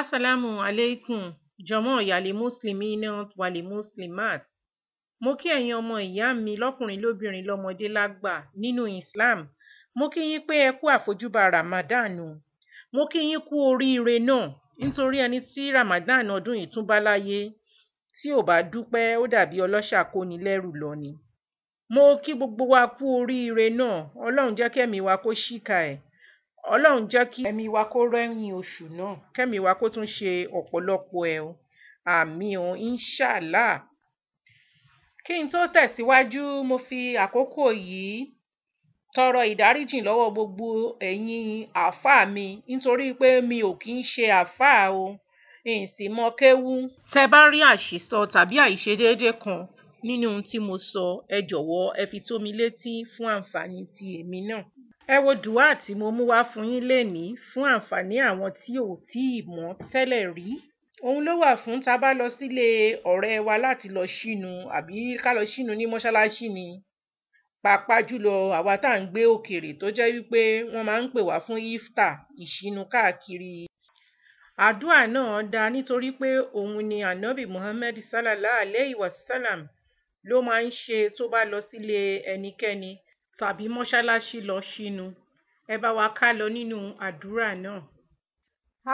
Assalamu alaikum jọ̀mọ́ ìyàlé muslimina wàlé muslimat mo kí ẹ̀yin ọmọ ìyá mi lọ́kùnrin lóbìnrin lọ́mọdé lágbà nínú Islam mo kí yín pé ẹ kú àfojúbà Ramadan o mo kí yín kú oríire náà nítorí ẹni tí Ramadan ọdún yìí tún bá láyé tí ò bá dúpẹ́ ó dàbí ọlọ́ṣà kóni lẹ́rù lọ ni mo kí gbogbo wa kú oríire náà Ọlọ́run jẹ́ kẹ́mi wa kó ṣíkà ẹ̀ ọlọ́run jẹ́ kí ẹ̀mí wa kó rẹ́yìn oṣù náà kẹ́mi wa kó tún ṣe ọ̀pọ̀lọpọ̀ ẹ̀ o àmì o inṣàlá kí n tó tẹ̀síwájú mo fi àkókò yìí tọrọ ìdáríjì lọ́wọ́ gbogbo ẹ̀yin àáfàá mi nítorí pé mi ò kí ń ṣe àáfàá o n sì mọ kéwú. tẹ bá rí àṣìsọ tàbí àìṣedéédé kan nínú ohun tí mo sọ ẹ jọ̀wọ́ ẹ fi tó mi létí fún àǹfààní ti èmi náà ẹ wo dùá tí mo mú wá fún yín lénìí fún àǹfààní àwọn tí ò tí ì mọ̀ tẹ́lẹ̀ rí òun ló wà fún tá a bá lọ sílé ọ̀rẹ́ wa láti lọ ṣínu àbí ká lọ ṣínu ní mọ́ṣáláṣí ni pàápàá jùlọ àwa tá à ń gbé òkèèrè tó jẹ́ wípé wọ́n máa ń pè wá fún iftar ìṣínu káàkiri àdúrà náà dá nítorí pé òun ni anabi muhammed sallallahu alayhi wa sallam ló máa ń ṣe tó bá lọ sílé ẹnikẹ́ni tàbí mọ́ṣáláṣí lọ ṣínu ẹ bá wa ká lọ nínú àdúrà náà.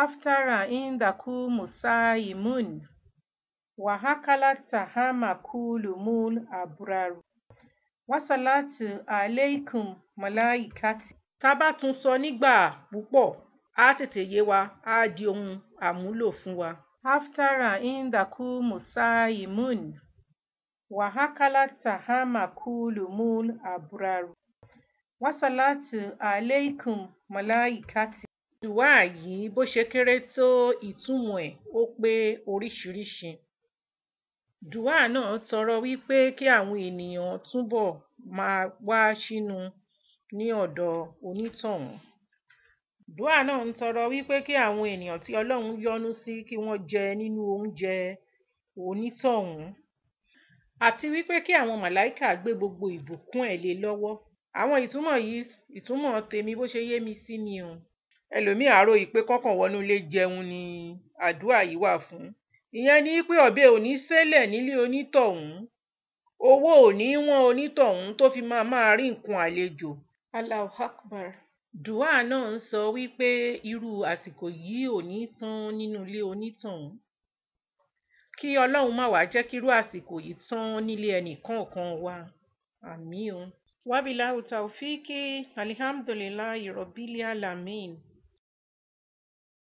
aftara indaku musaimun wahakala tahama kulumul aburaru wasalatu aleikum malaikati. tá a bá tún sọ nígbà púpọ̀ á tètè yé wa á di ohun àmúlò fún wa. aftara indaku musaimun. وهكلتها مقول مول أبرار wasalatu aleikum malaikati. ìdùwà yìí bó ṣe kéré tó ìtumọ̀ ẹ̀ e, ó pé oríṣiríṣi. dùwà náà tọrọ wípé kí àwọn ènìyàn túbọ̀ máa wá sínú ní ọ̀dọ̀ onítọ̀hún. dùwà náà ń tọrọ wípé kí àwọn ènìyàn tí ọlọ́run yọ́nú sí kí wọ́n jẹ nínú oúnjẹ onítọ̀hún àti wípé kí àwọn màláìkà gbé gbogbo ìbùkún ẹ̀ lé lọ́wọ́ àwọn ìtumọ̀ yìí ìtumọ̀ tèmi bó ṣe yé mi sí ni o ẹlòmíì àárò yìí pé kọ́kàn wọnú ilé jẹun ni àdúrà yìí wà fún ìyẹn ni pé ọ̀bẹ ò ní ṣẹlẹ̀ nílé onítọ̀hún owó ò ní wọ́n onítọ̀hún tó fi máa máa rí nǹkan àlejò Allahu Akbar dùá náà ń sọ wípé irú àsìkò yìí ò ní tán nínú ilé onítọ̀hún kí ọlọ́run má wàá jẹ́ kírú àsìkò yìí tán nílé ẹnìkọ̀ọ̀kan wa àmì o wábìláwù taofíìkì alihamdulilayi rọ̀bìlì alamin